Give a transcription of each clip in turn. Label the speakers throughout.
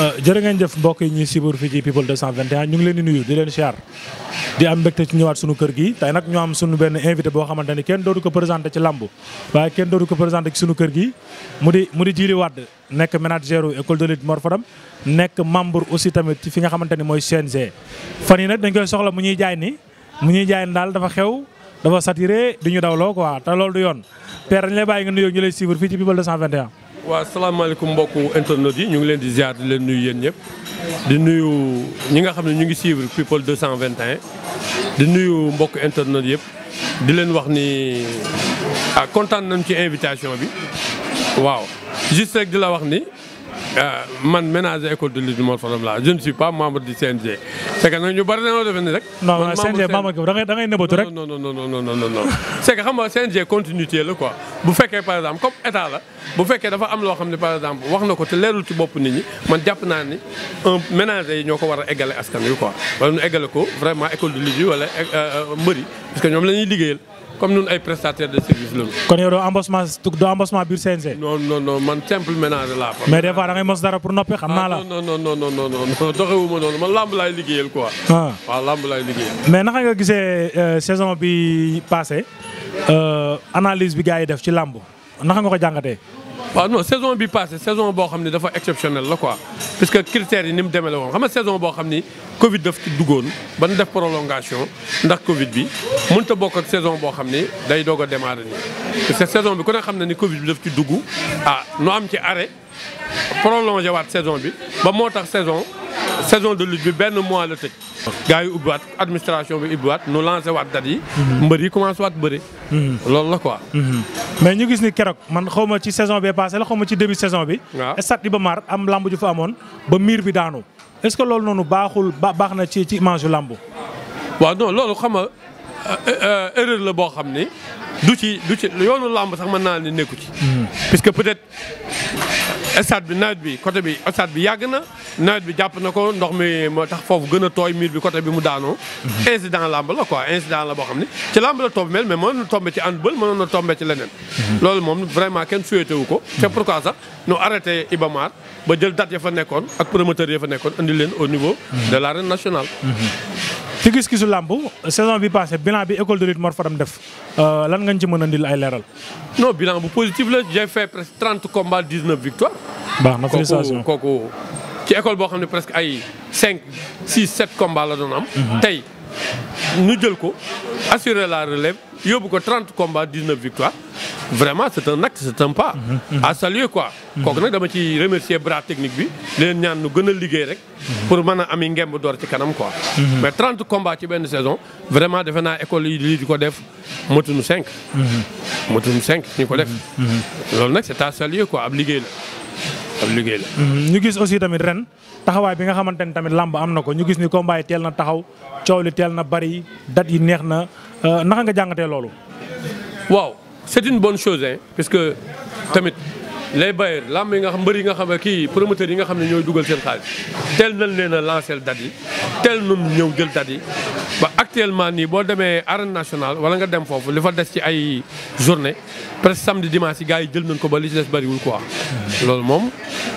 Speaker 1: Euh, jërë ngeen jëf mbokk yi ñuy sibur fii ci People 221 ñu ngi leen di nuyu di leen siyaar di am mbégte ci ñëwaat sunu kër gi tey nag ñoo am sunu benn invité boo xamante ni kenn dootu ko présenté ci lamb waaye kenn dootu ko présenté ci sunu kër gi mu di mu di Djily Wade nekk manager école de lutte Mor Fadam nekk membre aussi tamit ci fi nga xamante ni mooy CNG fan yi nag dañ koy soxla mu ñuy jaay ni mu ñuy jaay ni daal dafa xew dafa saturé di ñu dawloo quoi te loolu yoon père dañ lay bàyyi
Speaker 2: waaw salaamaaleykum mbokku internet yi ñu ngi leen di ziar di leen nuyu yéen ñëpp di nuyu ñi nga xam ne ñu ngi suivre People 221 di nuyu mbokk internet yëpp di leen wax ni ah kontaan nañ ci invitation bi waaw juste rek di la wax ni Euh, man ménager école de lutte Mor Fadam laa je ne suis pas membre du CNG. c'est que nag ñu bari dañoo defe ni rek. non non CNG membre
Speaker 1: da ngay da ngay nëbëtu rek.
Speaker 2: non non non non non non c'est que xam nga CNG continuité la quoi bu fekkee par exemple comme état la bu fekkee dafa am loo xam ne par exemple wax na ko te leerul ci bopp ni ñi man jàpp naa ni un yi ñoo ko war a eggale askan wi quoi wala ñu eggale ko vraiment école de lutte yi wala euh, mbër yi parce que ñoom la ñuy liggéeyal. comme ñun ay prestataire de service la ñu.
Speaker 1: kon yow doo embossement doo embossement biir CNG. non
Speaker 2: non non man simple ménage laa fa. mais des fois da
Speaker 1: ngay mos dara pour noppi xam naa la. Ah,
Speaker 2: non non non doxewuma noonu man lamb laay liggéeyal quoi. Ah. waaw lamb laay liggéeyal.
Speaker 1: mais naka nga gisee euh, saison bi passé euh, analyse bi gaa yi def ci lamb naka nga ko jàngatee.
Speaker 2: waaw non saison bi passé saison boo xam ne dafa exceptionnel la quoi parce que critères yi ni mu demee la woon xam nga saison boo xam ni Covid daf ci duggoon ba ñu def prolongation ndax Covid bi mënut a bokk ak saison boo xam ni day doog a démarrer nii. parce que saison bi ku ne xam na ni Covid bi daf ci dugg ah nu am ci arrêt prolongé waat saison bi ba moo tax saison saison de lutte bi benn mois la tëj. gars yi ubbiwaat administration bi ubbiwaat nu lancé waat date yi. Mhm. mbër yi commencé waat bëre. Mhm. loolu la quoi.
Speaker 1: Mhm. mais ñu gis ni keroog man xaw ma ci saison bi passé la xaw ma ci début saison bi. waaw stade Iba Mar am lamb ju fa amoon ba miir bi daanu est-ce que loolu noonu baaxul baax na ci ci image yu lamb.
Speaker 2: waa non loolu xam nga euh, euh, erreur la boo xam ni du ci du ci yoonu lamb sax mën naa ne nekku ci. Hmm. parce que peut-être stade bi nawet bi côté bi stade bi yàgg na nawet bi jàpp na ko ndox mi moo tax foofu gën a tooy miir bi côté bi mu daanoo. incident làmb la quoi incident la boo xam ne ci làmb la tombé mel mais mënoon na tombé ci handball mënoon na tombé ci leneen. loolu moom vraiment kenn souhaité wu ko. c'est pourquoi sax ñu arrêté Iba Mar ba jël date ya fa nekkoon ak promoteur ya fa nekkoon andi leen au niveau. de l'arène nationale.
Speaker 1: ci gis-gisu làmb saison bi passé bilan bi école de lutte Mor Fadam def euh, lan nga ñu ci mën a ndil ay leeral. non bilan bu
Speaker 2: positif la j'ai fait presque trente combats dix neuf victoires. kooku ci école boo xam ne presque ay cinq six sept combats la doon am. Mhm. tey. ñu jël ko assurer la relève yóbbu ko 30 combats 19 victoires vraiment c' est un acte c' est un pas. à saluer quoi. kooku nag dama ci remercier bras technique bi leen ñaan nu gën a liggéey rek. pour mën a ami ngemb door ci kanam quoi. mais 30 combats ci benn saison vraiment defe naa école yi lii di ko def motuñu 5. motuñu 5 ñu ko def. loolu nag c' est à saluer quoi ab liggéey la ab liggéey la.
Speaker 1: ñu gis aussi tamit ren. taxawaay bi nga xamante ni tamit làmb am na ko ñu gis ni ko yi teel na taxaw coow li teel na bari dat yi neex na euh, naka nga jàngatee loolu.
Speaker 2: waaw c'est une bonne chose hein parce que tamit les bailleurs làmb yi nga xam mbër yi nga xam ne kii promoteurs yi nga xam ne ñooy dugal seen xaalis teel nañ leen a lancer dat yi teel nañ ñëw jël dat yi. ba actuellement nii boo demee arène nationale wala nga dem foofu li fa des ci ay journée presque samedi dimanche yi gars yi jël nañ ko ba li quoi loolu moom.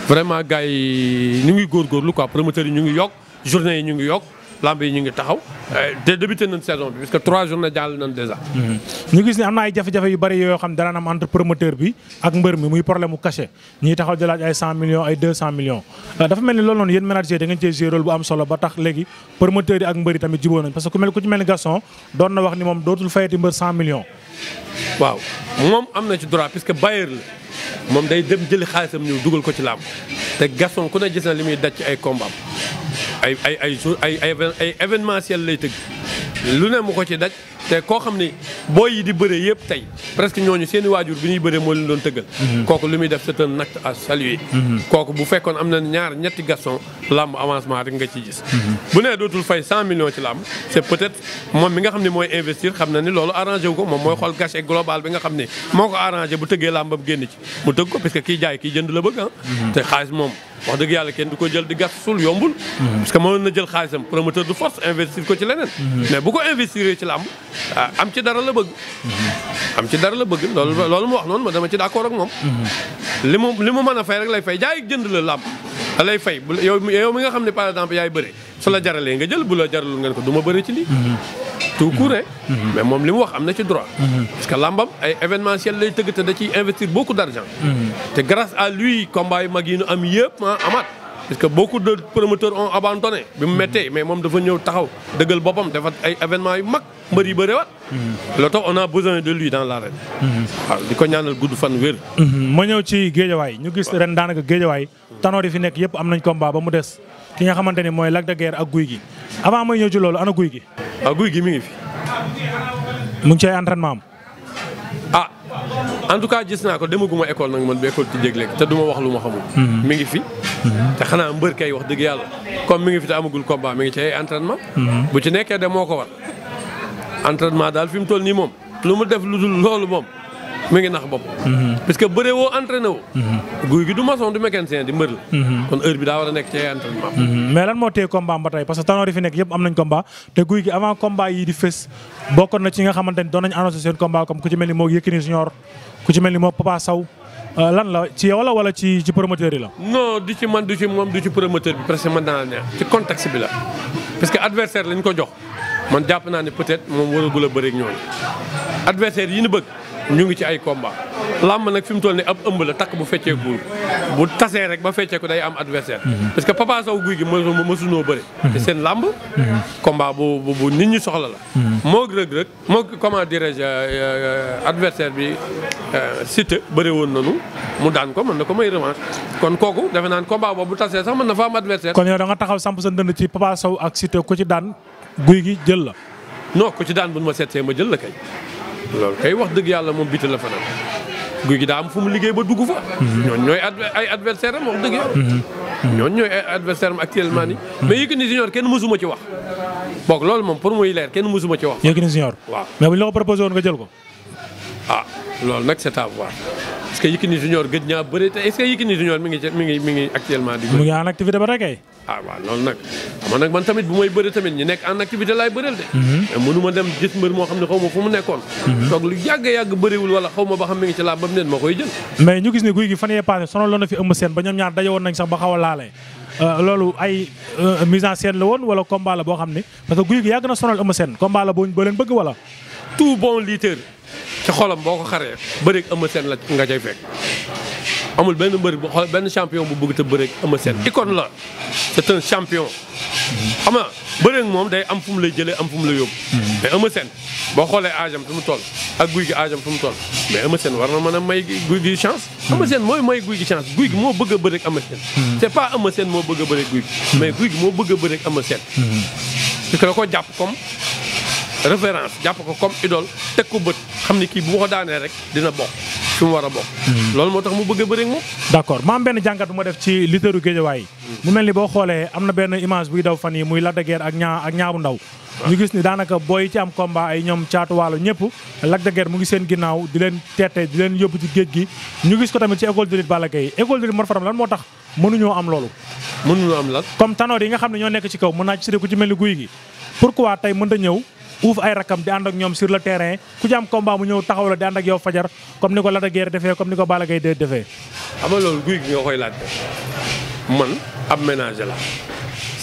Speaker 2: vraiment gars yi ñu ngi góorgóorlu quoi promoteurs yi ñu ngi yokk journée yi ñu ngi yokk lamb yi ñu ngi taxaw te euh, débuté nañ saison bi parce que trois journées jàll nañ déjà. Mhm.
Speaker 1: ñu gis ne am na ay jafe-jafe yu bari yoo xam dana am entre promoteur bi ak mbër mi muy problème mu cachet taxaw di ay cent ay deux euh, dafa mel ni loolu noonu yéen manager da ngeen cee joué bu am solo ba tax léegi promoteur yi ak mbër yi tamit jubóo nañ parce que ku mel ku ci mel ni Gaston doon na wax ni moom dootul fayati mbër cent
Speaker 2: waaw moom am na ci droit puisque bailleur la moom day dem jëli xaalisam ko ci làmb te Gaston ku ne gis na lay tëgg lu ne mu ko ci daj te koo xam ne booy yi di bëre yëpp tey presque ñooñu seeni waajur bi ñuy bëree moo leen doon tëggal mhm. kooku lu muy def c'est un acte à saluer mhm. kooku bu fekkoon am na ñaar ñetti Gaston làmb avancement rek nga ciy gis mhm. bu nee dootul fay cent millions ci làmb c'est peut-être moom mi nga xam ne mooy investir xam na ni loolu arrangé wu ko moom mooy xool gâché global bi nga xam ne moo ko arrangé bu tëggee làmbam génn ci mu tëgg ko parce que ki jaay kii jënd la bëgg ah te moom wax yàlla kenn du ko jël di gas suul yombul parce que mënoon na jël xaalisam promoteur du force investir ko ci leneen bu ko investir ci làmb Ah, am ci dara la bëgg. am ci dara la bëgg loolu loolu mu wax noonu ma dama ci d'accord ak moom. li mu li mu mën a fay rek lay fay jaay jënd la làmb lay fay bu yow yow mi nga xam ne par exemple yaay bëre su la jaralee nga jël bu la jaralul ngeen ko du ma bëre ci lii. tout court mais moom li mu wax am na ci droit. parce que làmbam ay événementiel lay tëgg te da ciy investir beaucoup d'argent. Mm-hmm. te grâce a lui combat yu mag yi ñu am yëpp ah amaat. parce que boo beaucoup de promoteurs ont abandonné. bi mu méttee mais moom dafa ñëw taxaw dëggal boppam dafa ay événement yu mag mbër yi bëriwaat. Mhm. loolu tax on a besoin de lui dans l'arène. Mhm. waaw di ko ñaanal gudd fan
Speaker 1: wér. Mhm. ma ñëw ci géejawaay ñu gis ren daanaka géejawaay tanoor yi fi nekk yëpp am nañ combat ba mu des ki nga xamante ni mooy Lac de ak guy gi avant may ñëw ci loolu ana guy gi. ah guy gi mi ngi fi. mu ngi ci ay en tout cas gis naa
Speaker 2: ko demaguma école nag man bi école ci léeg-léeg te du wax lu ma xamul. Mhm. mi ngi fi. Mhm. te xanaa mbër kay wax dëgg yàlla comme mi ngi fi te amagul combat mi ngi ci ay entraînement. Mhm. bu ci nekkee de moo ko war entraînement daal fi mu toll nii moom lu mu def lu dul loolu moom. mi ngi nax bopp parce que bëre woo entraîné woo guy gi du maçon du mécanicien di mbër la kon heure bi daa war a nekk ci
Speaker 1: entraînement mais lan moo téye combat ba tey parce que tanoor yi fi nekk yëpp am nañ combat te guy gi avant combat yi di fës bokkoon na ci nga xamante ni doon nañ annoncé seen combat comme ku ci mel ni moo Yékini Junior ku ci mel ni moo Papa Sow euh, lan la ci yow la wala ci ci yi la
Speaker 2: non du ci man du ci moom du ci promoteur bi presque man dana neex ci contexte la parce ko jox man jàpp naa ne peut-être moom waragul a bëre ak yi ñu bëgg ñu ngi ci ay combat làmb nag fi mu toll nii ab ëmb la takk bu feccee guur bu tasee rek ba feccee ko day am adversaire mhm. parce que Papa Sow guy gi mësunoo sunoo mhm. te seen làmb mhm. combat bu bu nit ñi soxla la moo Reug Reug moo comment dirais-je euh, euh, adversaire bi euh, Siteu bëre woon nanu mu daan ko mën na ko may revanche kon kooku defe naan combat boobu tasee sax mën na fa am adversaire
Speaker 1: kon yow da nga taxaw samp sa ndënd ci Papa Sow ak Siteu ku ci daan guy gi jël la non
Speaker 2: ku ci daan bu ma seetsee ma jël la loolu kay wax dëgg yàlla moom bitti la fanaan guy gi daa am fu mu liggéey ba dugg fa. ñooñu ñooy ay adversaire am wax dëgg yàlla. ñooñu ñooy ay adversaire am actuellement nii. mais Yékini Junior kenn mësuma ci wax. boog loolu moom pour muy leer kenn mësuma ci wax. Yékini Junior waaw
Speaker 1: mais bu ñu la ko proposé woon nga jël ko.
Speaker 2: ah loolu nag c'est à voir parce que Yékini Junior gëj naa bëri te est-ce que Yékini Junior mi ngi mi ngi mi ngi actuellement. di mu ngi
Speaker 1: en activité ba rek
Speaker 2: ah waaw loolu nag ama nag man tamit bu may bëri tamit ñu nekk en activité laay bëreel de mhm. mënu ma dem gis mbër moo xam ne xaw ma fu mu nekkoon mhm. toog lu yàgg-yàgg bëriwul wala xaw ma ba xam mi ngi moo koy
Speaker 1: jël mais ñu gis ne guy gi fan yee passé sonaloon na fi Eumeu ba ñoom ñaar dajewoon nañ sax ba xaw a euh, loolu ay euh, mise en scène la woon wala combat boo xam ne parce que guy gi yàgg na sonal Eumeu Sène combat la boo leen bëgg wala
Speaker 2: tout bon lutteur ci xolam boo ko xaree bëri Eumeu Sène la nga cay fekk amul benn mbër bu xool benn champion bu bëgg te bëreeg Eumeu Sène icône la c'est un champion. xam nga bëreeg moom day am fu mu lay jëlee am fu mu lay yóbbu. mais Eumeu Sène boo xoolee aajam fi tool ak guy gi aajam fi tool mais Eumeu Sène war na mën a may guy gi chance. Eumeu Sène mooy may guy gi chance guy gi moo bëgg a bëreeg Eumeu Sène. c'est pas Eumeu moo bëgg a bëreeg guy mais guy gi moo bëgg a bëreeg Eumeu Sène. parce que da ko jàpp comme. référence jàpp ko comme idole teg ko bët xam ni kii bu ko daanee rek dina bokk. fi mu war a bokk. Hmm.
Speaker 1: loolu moo tax mu bëgg a bëri ak moom. d' accord ma am benn jàngat bu ma def ci leaderu Géejawaay. Hmm. mu mel ni boo xoolee am na benn image buy daw fan yi muy Lac de Guiers ak ñaa ak ñaabu ndaw. ñu gis ni daanaka booy ci am combat ay ñoom caatuwaalo ñëpp Lac de Guiers mu ngi seen ginnaaw di leen teete di leen yóbbu ci géej gi ñu gis ko tamit ci école de lutte Balla Gaye école de lutte Mor Fadam lan moo tax mënuñoo am loolu mënuñoo am lan comme tanoor yi nga xam ne ñoo nekk ci kaw mën naa ci ku ci mel ni guy gi pourquoi tey mën ta ñëw uuf ay rakam di ànd ak ñoom sur le terrain ku ci am combat mu ñëw taxaw la di ànd ak yow fajar comme ni ko Lac de Guiers defee comme ni ko Balla Gaye de defee.
Speaker 2: xam loolu guy gi koy laajte man ab la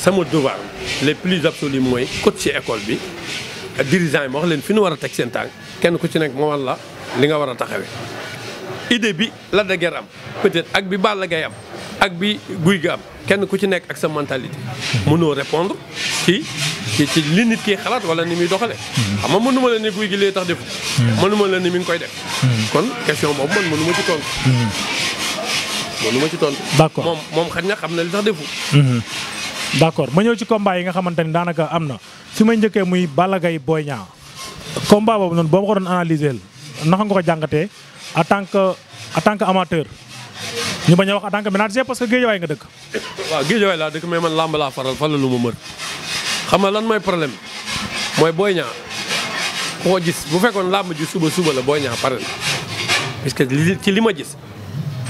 Speaker 2: sama devoir les plus absolu mooy coach ci école bi ak yi ma wax leen fi ñu war a teg seen tànk kenn ku ci nekk moo war la li nga war a taxawee. idée bi Lac de Guiers am peut-être ak bi Balla gay am ak bi guy gi am. kenn ku ci nekk ak sa mentalité mënoo répondre ci ci ci li nit kii xalaat wala ni muy doxale xam nga mënuma la ni guy gi lee tax defu mënuma la ni mi ngi koy def kon question boobu man mënuma ci tontu mënuma ci tontu d'accord moom moom xaj na xam na li tax defu
Speaker 1: mhm. d'accord ma ñëw ci combat yi nga xamante ni daanaka am na fi may njëkkee muy Balla Gaye Boy Niang combat boobu noonu boo ma ko doon analyser naka nga ko jàngatee en tant que en tant que amateur ñu bañ a wax en bi que ménager parce que géejawaay nga dëkk.
Speaker 2: waaw géejawaay laa dëkk mais man làmb faral fan la lu ma mër xam nga lan mooy problème mooy booy ñaa koo gis bu fekkoon làmb ji suba suba la booy ñaa pare na parce que ci li ma gis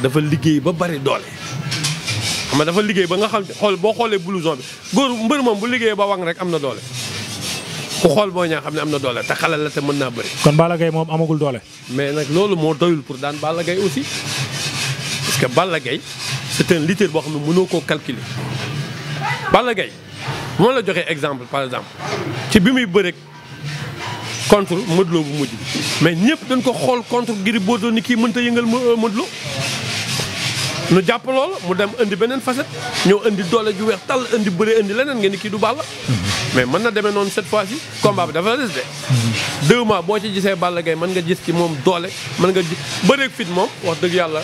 Speaker 2: dafa liggéey ba bari doole. xam nga dafa liggéey ba nga xam xool boo xoolee blouson bi góor mbër moom bu liggéeyee ba wang rek am na doole ku xool Boy Niang xam ne am na doole te xalal la te mën naa bëri.
Speaker 1: kon Balla Gaye moom amagul doole.
Speaker 2: mais nag loolu moo doyul pour daan Balla Gaye aussi. que Balla Gaye c'est un lutteur boo xam ne mënoo koo calculer. Balla Gaye moo la joxee exemple par exemple ci bi muy bëreeg contre Modou Lo bu mujj mais ñëpp dañ ko xool contre Gris Bordeaux ni kii mënta yëngal euh, Modou Lo nu jàpp loolu mu dem indi beneen facette ñëw indi doole ju weex tàll indi bëre indi leneen ngeen ni kii du Balla mm-hmm. mais mën na demee noonu cette fois ci combat bi dafa des de
Speaker 3: mm-hmm.
Speaker 2: deux mois boo ci gisee Balla Gaye mën nga jis ci moom doole mën nga gis bëreeg fit moom wax dëgg yàlla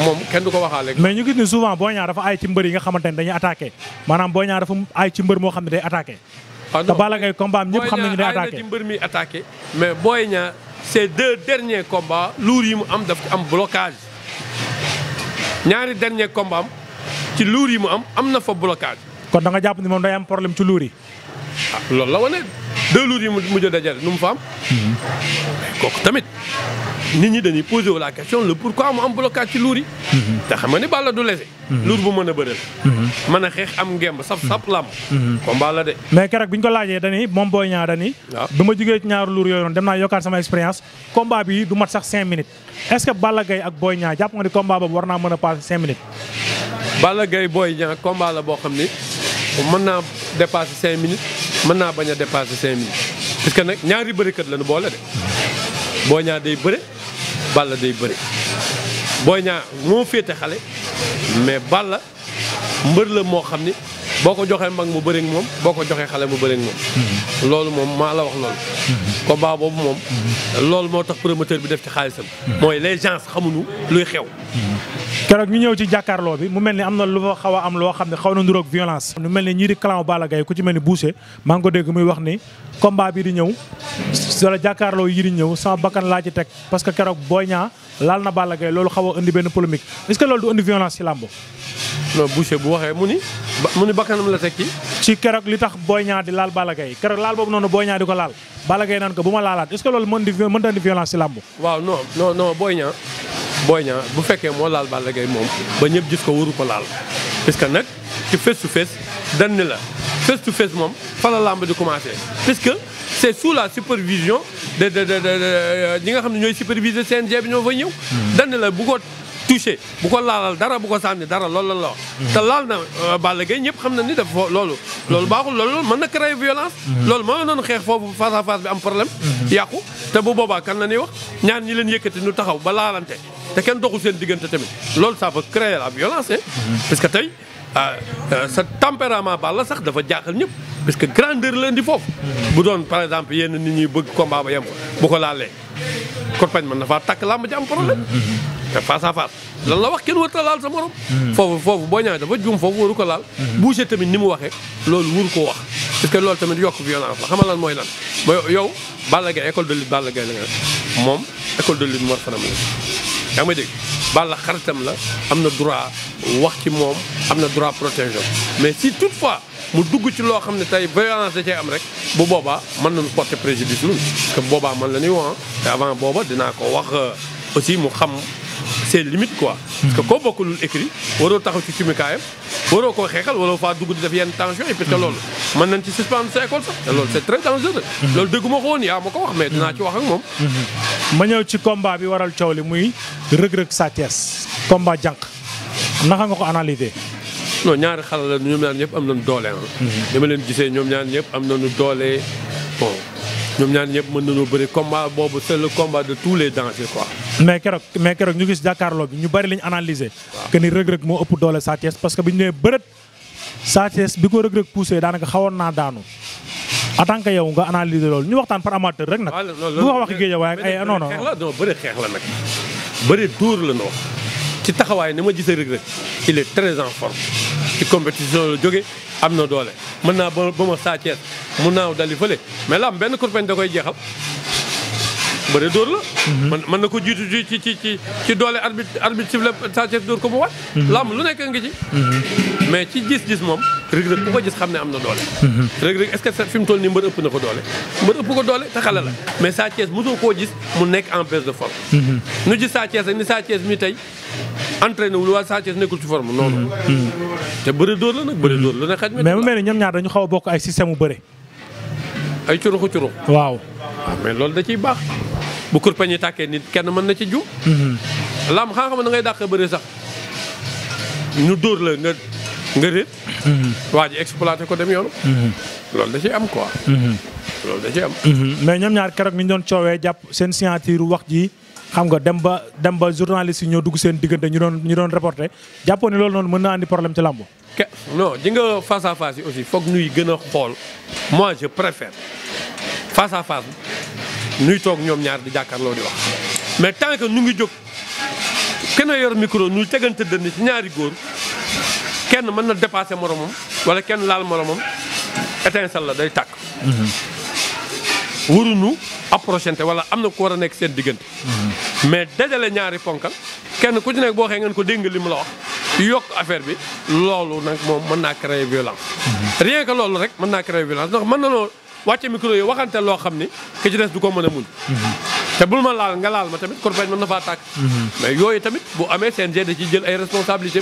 Speaker 2: moom kenn du ko waxaale.
Speaker 1: mais ñu gis ni souvent Boy Niang dafa ay ci mbër yi nga xamante ne dañuy attaqué maanaam Boy Niang dafa ay ci mbër moo xam ne day attaqué. ah non te Balla Gaye combat am ñëpp xam day
Speaker 2: attaqué mais boo Niang ces deux derniers combats yi mu am daf ci am blocage ñaari dernier combat ci luur yi mu am am na fa
Speaker 1: kon da nga jàpp ni moom day am problème ci luur yi.
Speaker 2: Ah, loolu la wane deux luur yi mu mujj a dajale nu mu am. Mhm. kooku tamit. nit ñi dañuy posé wu la question pour ko mu am blocage ci luur yi. te xam nga ni Balla du lese. luur bu mën a bëreel. mën a xeex am ngemb sap sap lam. combat la de.
Speaker 1: mais keroog bi ñu ko laajee dañuy moom booy ñaar dañuy. waaw bi ma jugee ñaaru luur yooyu noonu dem naa yokkaat sama expérience combat bi du mat sax 5 minutes est-ce que Balla Gaye ak booy ñaar jàpp nga ni combat boobu a passé 5 minutes.
Speaker 2: booy ñaar combat la boo xam ni mën naa dépasser 5 minutes mën naa bañ a dépasser 5 minutes que nag ñaari bërikat lañu boole de booy ñaar day Balla day bëri booy Niang moo féete xale mais Balla mbër la moo xam ni boo ko joxee mag mu bëri moom boo ko joxee xale mu bëri ak moom. Mhm. loolu maa la wax loolu. Mhm. combat boobu moom. Mhm. loolu moo tax promoteur bi def ci xaalisam. mooy les gens xamuñu luy xew.
Speaker 1: keroog ñu ñëw ci jàkkaarloo bi mu mel ni am na lu fa xaw a am loo xam ne xaw na nduroog violence. nu mel ni ñii di clan Balla Gaye ku ci mel ni Boucher maa ngi ko dégg muy wax nii combat bi di ñëw wala jàkkaarloo yi di ñëw sama bakkan laa ci teg parce que keroog booy ñaa laal na Balla Gaye loolu xaw a indi benn polémique est-ce que loolu du indi violence ci làmb non Boucher bu waxee mu ni mu ni bakkanam la teg ci ci keroog li tax booy Niang di laal Balla Gaye keroog laal boobu noonu Boy Niang di ko laal Balla Gaye naan ko bu ma laalaat est-ce que loolu mën di mën ta violence ci làmb
Speaker 2: waaw non non non bu fekkee moo laal Balla Gaye moom ba ñëpp gis ko waru ko laal parce que nag ci face to la face to face moom fa la làmb di commencé puisque c' est sous la supervision de de de ñi nga xam ne ñooy superviser CNG bi ñoo fa ñëw dañ la bu ko touché bu ko laalal dara bu ko sànni dara loolu la la te laal na euh, Balla Gaye ñëpp xam na ni dafa loolu loolu baaxul loolu mën na créer violence loolu moo doon xeex foofu face à face bi am problème yàqu te bu boobaa kan la ñuy wax ñaar ñi leen yëkkati ñu taxaw ba laalante te kenn doxul seen diggante tamit loolu ça peut créer la violence parce que tey Ah, euh, sa tempérament la sax dafa jaaxal ñëpp parce que grandeur la di foofu. bu doon par exemple yenn nit ñi bëgg combat ba yem bu ko laalee. Korpañ mën na faa takk làmb ji am problème. te lan la wax kenn warut a laal sa morom. foofu foofu boo ñaaw dafa juum foofu waru ko laal. boucher tamit ni mu waxee loolu waru ko wax. parce que loolu tamit yokk violence la xamal lan mooy lan mooy yow Balla Gaye école de lutte Balla Gaye la nga moom école de lutte Mor Fadam Balla xaritam la am na droit wax ci moom am na droit protéger mais si fois mu dugg ci loo xam ne tey violence da cee am rek bu boobaa mën nañu porter préjudice ñun. que boobaa man la ñuy wax te avant booba dinaa ko wax euh, aussi mu xam. c'est limite quoi. parce que koo bokkulul écrit waroo taxaw ci cumukaayam waroo koo xeexal waroo faa dugg di def yenn tension e puis te loolu mën nañ ci suspendre sa école sax te loolu c'est très dangereux.
Speaker 1: loolu dégguma ko woon yaa ma ko wax mais dinaa ci wax moom. ma ñëw ci combat bi waral coow li muy rëg-rëg Sa Thiès combat jànq naka nga ko analyser. non ñaari
Speaker 2: xale la ñoom ñaar ñëpp am nañu doole ah. Mhm. dama leen gisee ñoom ñaan ñëpp am na nañu doole bon ñoom ñaan ñëpp mën nañoo bëri combat boobu c'est le combat de tous les dangers quoi.
Speaker 1: mais keroog mais keroog ñu gis jàkkaarloo bi ñu bari lañu analyser que ni rëg-rëg moo ëpp doole Sa Thiès parce que bi ñu nee bërët Sa bi ko rëg-rëg poussé daanaka xawoon naa daanu en tant que yow nga analyser loolu ñu waxtaan par amateur rek nag bu wax waxi géej waaye ay non non
Speaker 2: bëri xeex la nag bëri dóor la na wax ci taxawaay ni ma gisee rëg-rëg il est très en forme ci compétition la jóge am na doole mën naa ba ma Sa Thiès mun naaw dali fële mais la am benn kurpeñ da koy jeexal bëre dóor la. Mhm. man mën na ko jiitu ci ci doole arbitre arbitre sifflé Sa Thiès dóor ko mu waat. Mhm. làmb lu nekk nga ci. Mhm. mais ci gis-gis moom Reug Reug ko gis xam ne am na doole. Reug Reug est-ce que fi mu toll nii mbër ëpp na ko doole mbër ëpp ko doole te xale la mais Sa mosoo koo gis mu nekk en baisse de forme. nu gis Sa ni Sa Thiès mi tey entraîné wul waa Sa nekkul ci forme noonu. te bëre
Speaker 1: dóor la nag bëre dóor lu ne xaj mais mu mel ni ñoom a bokk ay système mu bëre.
Speaker 2: bu kurpeñ tàkkee nit kenn mën na ci jum. Mm-hmm. lam xam-xam da ngay dàq bëri sax ñu dóor la nga nga réer. Mm-hmm. waa ji exploité ko dem yoonu. Mm-hmm. loolu da ciy am quoi. loolu da ciy
Speaker 1: am. mais ñoom ñaar keroog ñu doon coowee jàpp seen signature wax ji xam nga dem ba dem ba journaliste yi ñoo dugg seen diggante ñu doon ñu doon reporté jàppoo ne loolu noonu mën na andi problème ci làmb.
Speaker 2: ke non ji nga face à face yi aussi foog ñuy gën a xool moi je préfère face à nuy toog ñoom ñaar di jàkkaarloo di wax mais tant que ñu ngi jóg kenn yor micro ñuy tegante dënn ci ñaari góor kenn mën na dépasser moromam wala kenn laal moromam étincelle la day takk tàkk. Mm-hmm. waruñu approchante wala am na ku war a nekk seen diggante. Mm-hmm. mais dajale ñaari ponkal kenn ku ci nekk boo xee ngeen ko dégg li mu la wax yokk affaire bi loolu nag moom mën naa créer violence. Mm-hmm. rien que loolu rek mën naa créer violence ndax mën na noo wàcce micro yi waxante loo xam ni ki ci des du ko mën a muñ te bul ma laal nga laal ma tamit corbeille mën na faa tàkk mais yooyu tamit bu amee CNG da ciy jël ay responsabilité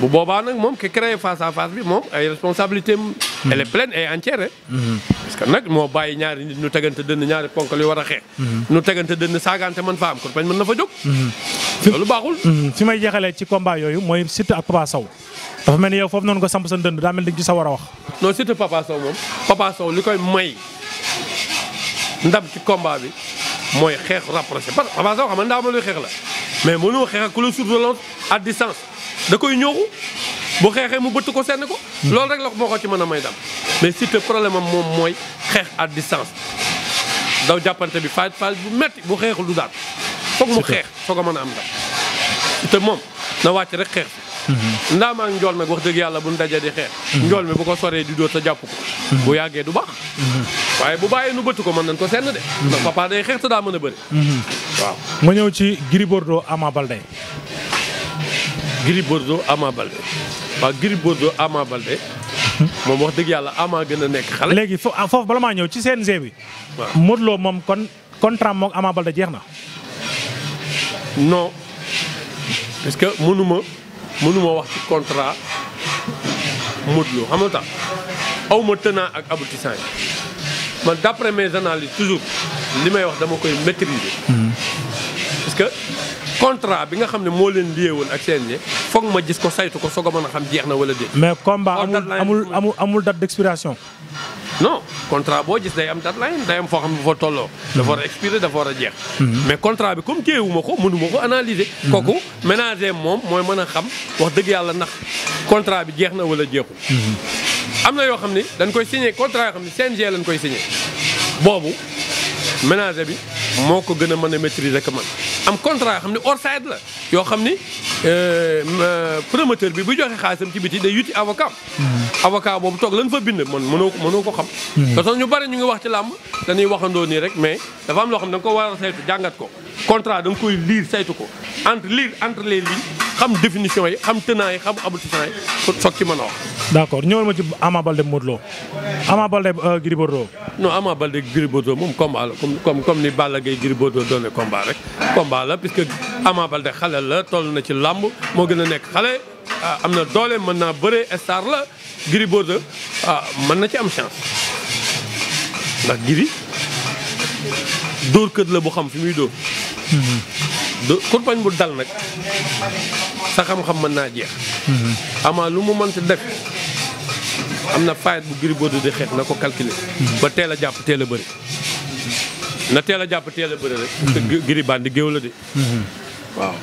Speaker 2: bu boobaa nag moom ki créé face à face bi moom ay responsabilité am elle est pleine et entière
Speaker 3: parce
Speaker 2: que nag moo bàyyi ñaari nit ñu tegante dënn ñaari ponkal yu war a xeex ñu tegante dënn saagante mën faa am corbeille mën na fa jóg
Speaker 1: loolu baaxul fi may jeexalee ci combat yooyu mooy surtout ak Papa dafa mel ni yow foofu noonu ko samp sa dënd daa mel ni sa war a wax.
Speaker 2: non surtout Papa Sow moom Papa li koy may ndam ci combat bi mooy xeex rapproché parce que xam nga ma luy xeex la mais mënoo xeex ak ku la surveillance à da koy ñëw bu xeexee mu bëtt ko senn ko. Hmm. loolu rek la moo ko ci man a may dam mais surtout problème am moom mooy xeex à distance daw jàppante bi faaj faaj bu metti bu xeexul du daal. foog mu xeex foog a mën a am ndam te moom na wàcc rek xeex. Mm-hmm. ndaamaa njool mi wax dëgg yàlla bu nu daje di xeex. Mm-hmm. njool mi bu ko soree di dóor a jàpp ko. Mm-hmm. bu yàggee du baax. waaye bu bàyyee nu bëtt ko man nañ ko senn de. ndax papa day xeex te daa mën a bëri.
Speaker 1: waaw ma ñëw ci Gris Bordeaux Ama Baldé.
Speaker 2: Gris Bordeaux Ama Baldé moom wax dëgg yàlla Ama gën a nekk xale. léegi ah, foofu bala maa ñëw ci seen
Speaker 1: bi. waaw Modou Lo moom kon contrat moog Ama jeex na.
Speaker 2: non parce que mënuma mënuma wax ci contrat Modou Lo xam nga tax aw ma tenant ak aboutissant yi man d'après mes analyses toujours li may wax dama koy maîtriser. Hmm. parce que contrat bi nga xam ne moo leen lié woon ak seen ne foog ma gis ko saytu ko soog a a xam jeex na wala déet.
Speaker 1: mais combat amul amul amul date d'expiration.
Speaker 2: non contrat boo gis day am deadline day am foo xam ne foo tolloo. dafa war a expirer dafa war a jeex. mais contrat bi comme téyewu ma ko mënu ma ko analyser. kooku ménager moom mooy mën a xam wax dëgg yàlla ndax contrat bi jeex na wala jeexul. am na yoo xam ne dañ koy signé contrat yoo xam ne CNG lañ koy signé boobu ménager bi. moo ko gën a mën a maîtriser que man am contrat xam ne hors-side la yoo xam ni euh, euh, promoteur bi bu joxe xaalisam ci biti day yuti avocat hmm. avocat boobu toog lan fa bind man mënoo mënoo ko xam hmm. te sax ñu bari ñu ngi wax ci làmb dañuy waxandoo nii rek mais dafa am loo xam ne da nga ko war a saytu jàngat ko contrat da koy lire saytu ko entre lire entre les lignes xam définition yi xam tenants yi xam aboutissants yi soog ci mën
Speaker 1: a wax d' accord ñëwal ma ci Ama Baldé Modou Lo Ama Baldé euh, Gris Bordeaux.
Speaker 2: non Ama Baldé Gris Bordeaux moom combat la comme comme ni Balla Gaye Gris doone combat rek. combat la puisque Ama Baldé xale la toll na ci lamb moo gën a nekk xale ah, am na doole mën naa bëree star la Gris ah, mën na ci am chance ndax Gris dóor kët la bu xam fi muy dóor. Mm-hmm. do kurpañ bu dal nag sa xam-xam mën naa jeex. Mm-hmm. ama lu mu mënti def. am na faayit bu Gris Bordeaux di xeex na ko calculer. ba teel a jàpp teel a bëri. na teel a jàpp teel a bëri rek. parce que géew la de.
Speaker 1: waaw.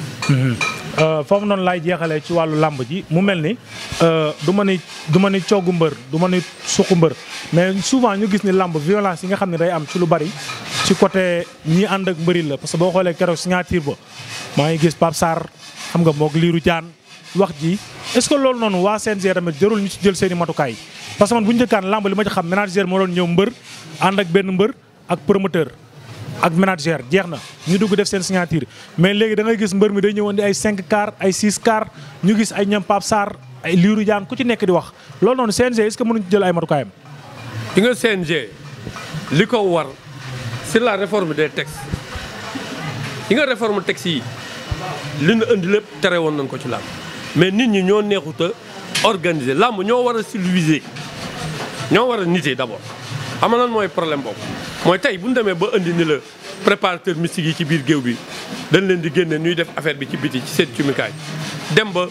Speaker 1: Euh, foofu noonu laay jeexalee ci wàllu làmb ji mu mel ni euh, du ma ni du ma ni coogu mbër du ma ni suqu mbër mais souvent ñu gis ni làmb violence yi nga xam ne day am ci lu bari ci côté ñi ànd ak mbëri la parce que boo xoolee keroog signature ba maa ngi gis Pape xam nga moog liiru jaan wax ji. est-ce que loolu noonu waa CNG tamit jarul ñu ci jël seen i matukaay parce que man bu njëkkaan lamb li ma ci xam manager moo doon ñëw mbër ànd ak benn mbër ak promoteur ak manager jeex na ñu dugg def seen signature mais léegi dangay gis mbër mi day ñëwoon di ay 5 car ay 6 car ñu gis ay ñam Pape Sarr ay liiru jaan ku ci nekk di wax loolu noonu CNG est-ce que mënuñu ci jël ay matukaayam.
Speaker 2: di nga CNG li ko war c'est la réforme des textes ki nga réforme textes yi li ñu indi lépp tere woon nañ ko ci làmb. mais nit ñi ñoo neexut a organiser làmb ñoo war a civiliser ñoo war a nitee d'abord xam nga lan mooy problème boobu mooy tey bu ñu demee ba indi ni la préparateur mystique yi ci biir géew bi dañ leen di génne ñuy def affaire bi ci biti ci seen cumikaay dem ba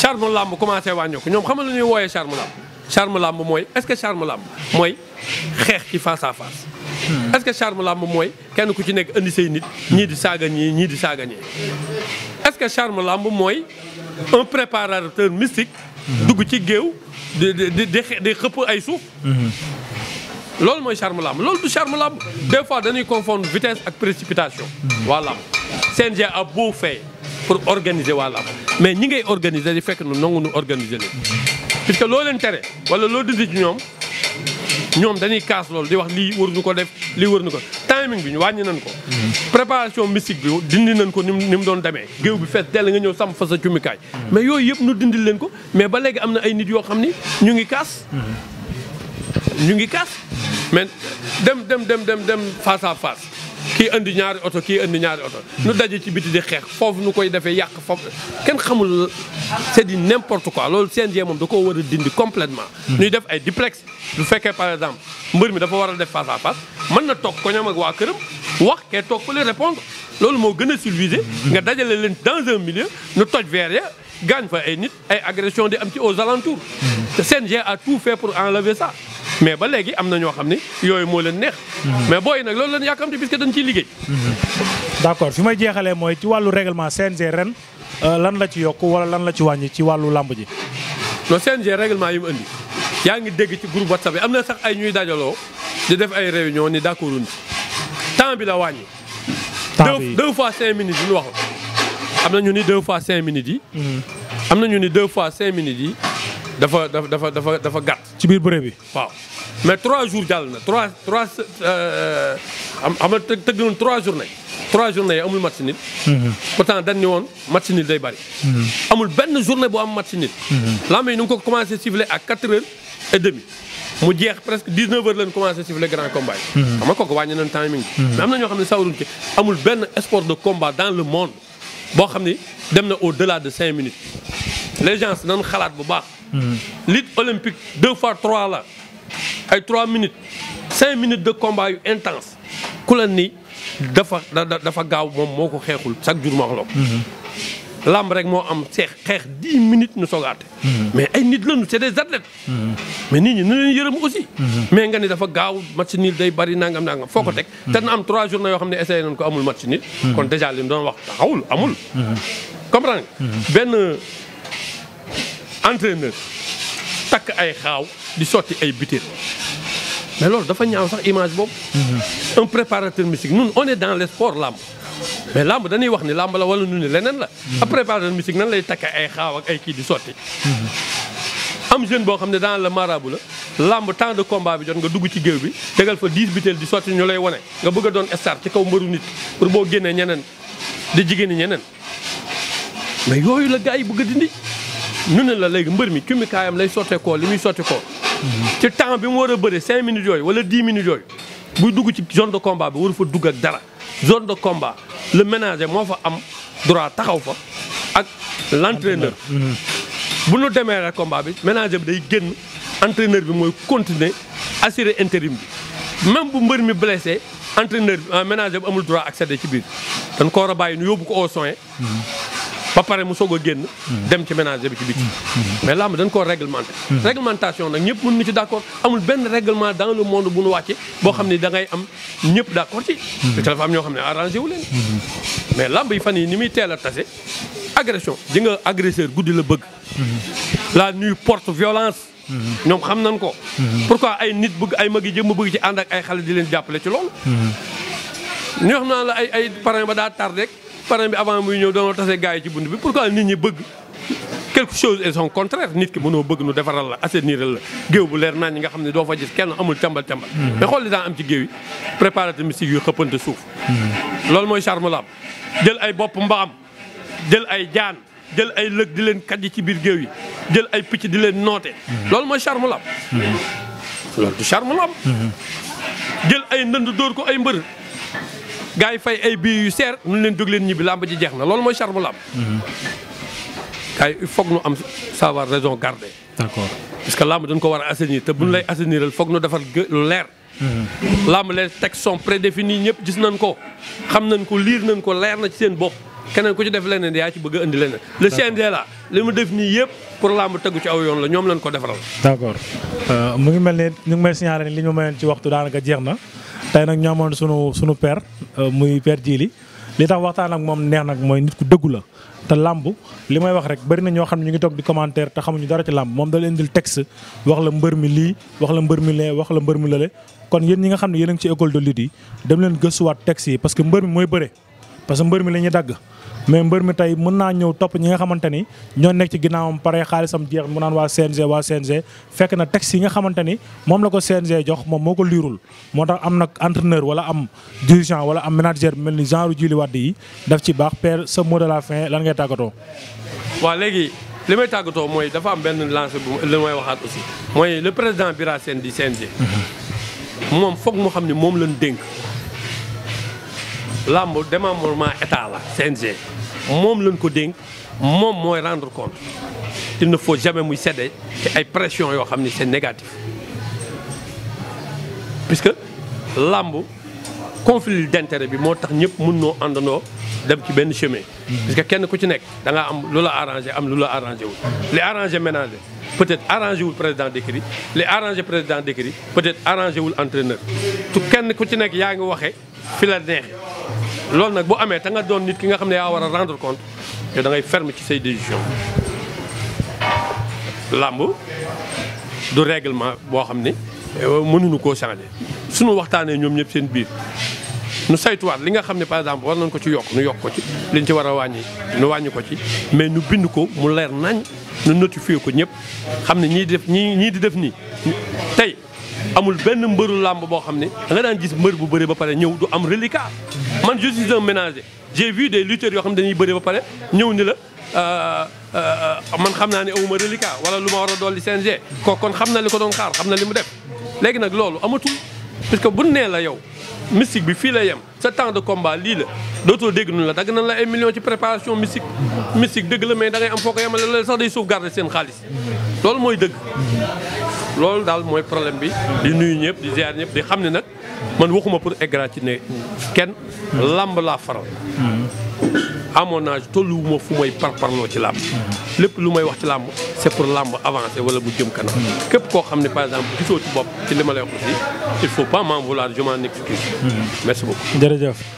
Speaker 2: charme làmb commencé wàññeeku ñoom xam nga lu ñuy wooyee charme làmb charme làmb mooy est-ce que charme làmb mooy xeex ci face à Hmm. est-ce que charme làmb mooy kenn ku ci nekk indi say nit ñii di saaga ñii ñii di saaga ñii est-ce que charme làmb mooy un préparateur mystique hmm. dugg ci géew di di di xëpp ay suuf hmm. loolu mooy charme làmb loolu du charme làmb des fois dañuy confondre vitesse ak précipitation waa làmb CNG a boo fait pour organiser waa làmb mais ñi ngay organiser di fekk nu nangu nu organiser leen parce que loo leen tere wala loo dindi ci ñoom ñoom dañuy kaas loolu di wax lii waruñu ko def lii waruñu ko timing bi ñu wàññi nañ ko. préparation mystique bi dindi nañ ko ni mu ni doon demee. géew bi fees dell nga ñëw sàmm fa sa cumikaay. mais yooyu yëpp ñu dindil leen ko mais ba léegi am na ay nit yoo xam ni ñu ngi kaas.
Speaker 3: Mhm.
Speaker 2: ñu ngi kaas mais dem dem dem dem dem face à face. kii indi ñaari oto kii andi ñaari oto nu daje ci biti di xeex foofu nu koy defee yàq foofu kenn xamul c'est du n'importe quoi loolu CNG moom da ko war a dindi completement ñuy def ay duplex lu fekkee par exemple mbër mi dafa war a def face à mën na toog ko ñam ak waa këram wax kee toog fa le répondre loolu moo gën a civilisé nga dajale leen dans un milieu nu toj verre ya gaañ fa ay nit ay agression di am ci aux alentours te CNG a tout fait pour enlever ça mais ba léegi am na ñoo xam ne yooyu moo leen neex. mais booy nag loolu leen yàkkamti puisque dañ ciy liggéey.
Speaker 1: d'accord fi may jeexalee mooy ci wàllu règlement CNG ren euh, lan la ci yokk wala lan la ci wàññi ci wàllu làmb ji.
Speaker 2: non CNG règlement yi mu indi yaa ngi dégg ci groupe WhatsApp yi am na sax ay ñuy dajaloo di def ay réunion ni d'accord temps bi la wàññi. temps bi deux fois cinq minutes yi ñu wax am na ñu ni deux fois cinq minutes yi. Mm-hmm. am na ñu ni deux fois cinq minutes yi dafa dafa dafa dafa gàtt. ci biir bëre bi waaw. mais trois jours jàll na trois trois euh, am xam nga tëgg nañu trois journées trois journées yi amul match nit. Mhm. pourtant dañ ni woon match nit day bari. Mhm. amul benn journée bo am match nit. Mhm. lamb yi nu ngi ko commencé siffler à quatre heures et demi mu jeex presque 19 heures lañ commencé siffler grand combat yi. xam nga kooku wàññi nañ timing bi. na ñoo xam ne sawaruñ ci amul benn sport de combat dans le monde boo xam ni dem na au delà de cinq minutes légence gens nañ xalaat bu baax. lutte olympique deux fois trois la. ay 3 minutes 5 minutes de combat yu intense ku la ni dafa dafa gaaw moom moo ko xeexul chaque jour ma wax ko. Mm-hmm. làmb rek moo am seex xeex 10 minutes nu soogaate mm-hmm. mais ay nit lañu c'est des athlètes. Mm-hmm. mais nit ñi nu leen yërëm aussi. mais nga ni dafa gaaw match nul day bari nangam nangam foo ko teg. te na am 3 jours na yoo xam ne essayé nañu ko amul match nul. kon déjà li doon wax taxawul amul. comprendre benn entraîneur. takk ay xaaw di sotti ay butéel mais loolu dafa ñaaw sax image boobu. un préparateur musique nun on dans les sports làmb. mais làmb dañuy wax ni làmb la wala nu leneen la. ab préparateur musique nan lay takk ay xaaw ak ay kii di sotti. am jeune boo xam ne dans le marabout la làmb temps de combat bi jot nga dugg ci géew bi tegal fa 10 butéel di sotti ñu lay wone nga bëgg doon star ci kaw mbaru nit pour boo génnee ñeneen di jigéen ñeneen mais yooyu la gars yi bëgg a dindi. nu ne la léegi mbër mi cumikaayam lay sotteekoo li muy sotti sotteekoo. ci temps bi mu war a bëri 5 minutes yooyu wala 10 minutes yooyu. buy dugg ci zone de combat bi waru fa dugg ak dara zone de combat le ménager moo fa am droit taxaw fa ak l' bu nu demee rek combat bi ménager bi day génn entraîneur bi mooy continuer assurer intérim bi même bu mbër mi blessé entraîneur bi euh, ménager bu amul droit accéder ci biir dañ ko war a bàyyi nu yóbbu ko au soin. Mm-hmm. ba pare mu soog a génn. dem ci ménager bi ci biti. mais làmb dañ koo réglementé. réglementation nag ñëpp mën na ci d' accord amul benn règlement dans le monde bu nu wàcce boo xam ne dangay am ñëpp d' accord ci. te ñoo xam ne arrangé wu leen. mais làmb yi fan yi ni muy teel a tase agression di nga agresseur guddi la bëgg. la nuit porte violence. ñoom xam nañ ko. pourquoi ay nit bëgg ay mag yi jëm bëgg ci ànd ak ay xale di leen jàppale ci loolu. ñoo xam naa la ay ay parrain ba daa tardé parrain bi avant muy ñëw dañoo tase gars yi ci bunt bi pourquoi nit ñi bëgg quelque chose et son contraire nit ki mënoo bëgg nu defaral la assainiral la géew bu leer naan ñi nga xam ne doo fa gis kenn amul càmbal càmbal hmm. mais xool li daan am ci géew yi préparateur mystique yu xëppante suuf hmm. loolu mooy charme la am jël ay bopp mbaam jël ay jaan jël ay lëg di leen kàjji ci biir géew yi jël ay picc di leen noote hmm. loolu mooy charme la am loolu charme la am ay ndënd dóor ko ay mbër gars yi fay ay bii yu seer ñu leen jóg leen ñibbi làmb ji jeex na loolu mooy charme làmb. Mhm. gars yi il am sawar raison garder. d'accord parce que làmb dañ ko war a assainir te bu ñu lay assainiral foog ñu defar lu leer. Mhm. làmb les textes sont prédéfinis ñëpp gis nañ ko xam nañ ko liir nañ ko leer na ci seen bopp. keneen ku ci def leneen yaa ci bëgg a indi leneen. le CNG la li mu def nii yëpp pour làmb tegu ci aw yoon la ñoom lañ ko defaral.
Speaker 1: d'accord euh, mu ngi mel ni ñu ngi may signaler ni li ñu ci waxtu daanaka jeex na. tey nag ñoo amoon sunu sunu père euh, muy père Djily li tax waxtaan ak moom neex nag mooy nit ku dëggu la te làmb li may wax rek bëri na ñoo xam ne ñu ngi toog di commentaire te xamuñu dara ci làmb moom da leen indil texte wax la mbër mi lii wax la mbër mi lee wax la mbër mi lale kon yéen ñi nga xam ne yéen a ngi ci école de lutte yi dem leen gëstuwaat texte yi parce que mbër mi mooy bëre parce que mbër mi la dagg mais mbër mi tey mën naa ñëw topp ñi nga xamante ni ñoo nekk ci ginnaawam pare xaalisam jeex mu naan waa CNG waa CNG fekk na texte yi nga xamante ni moom la ko CNG jox moom moo ko liirul moo tax am nag entraîneur wala am dirigeant wala am manager mel ni genre Djily Wade yi daf ci baax père sa mot de la fin lan ngay tàggatoo.
Speaker 2: waaw léegi li may tàggatoo mooy dafa am benn lancé bu li may waxaat aussi mooy le président Bira Sène di CNG. Mhm. moom foog mu xam ni moom lañ dénk. làmb démembrement état la CNG moom lañ ko dénk moom mooy rendre compte il ne faut jamais muy céder ci ay pression yoo xam ni c'est négatif puisque làmb conflit d'intérêt bi moo tax ñëpp mun noo àndandoo dem ci benn chemin parce kenn ku ci nekk da ngaa am lu la arrangé am lu la arrangé wul li arrangé ménage peut-être arrangé wul président d'écurie li arrangé président d'écurie peut-être arrangé wul entraîneur tu kenn ku ci nekk yaa ngi waxee fi la neexee loolu nag bu amee te nga doon nit ki nga xam ne yaa war a rendre compte yow da ngay ferme ci say décision làmb du réglement boo xam ne euh, mënuñu koo changer sunu waxtaanee ñoom ñëpp seen biir nu saytuwaat li nga xam ne par exemple war nañ ko ci yokk nu yokk ko ci liñ ci war a wàññi nu wàññi ko ci mais nu bind ko mu leer nañ nu notifié ko ñëpp xam ne ñii di def ñii di def nii tey amul benn mbëru làmb boo xam ne da nga daan gis mbër bu bëri ba pare ñëw du am reliquat man je suis un ménager j'ai vu des yoo xam ne dañuy bëri ba pare ñëw ni la euh, euh, man xam naa ni awuma reliquat wala lu ma war a dolli CNG ko kon xam na li ko doon xaar xam na li mu def léegi nag loolu amatul parce que bu nee la yow mystique bi fii la yem sa temps de combat lii la dootoo dégg nu la dagg nañ la ay millions ci préparation mystique mystique la mais da am foo ko yemale loolu sax seen xaalis loolu mooy dëgg loolu daal mooy problème bi di nuyu ñëpp di ziar ñëpp di xam ne nag man waxuma pour ne kenn làmb laa faral à mon âge tolluwuma fu mooy may parparloo ci làmb lépp lu may wax ci làmb c'est pour làmb avancer wala mu jëm kanam képp koo xam ne par exemple gisoo ci bopp ci li ma lay wax aussi il faut pas m'en vouloir je m'en excuse merci
Speaker 1: beaucoup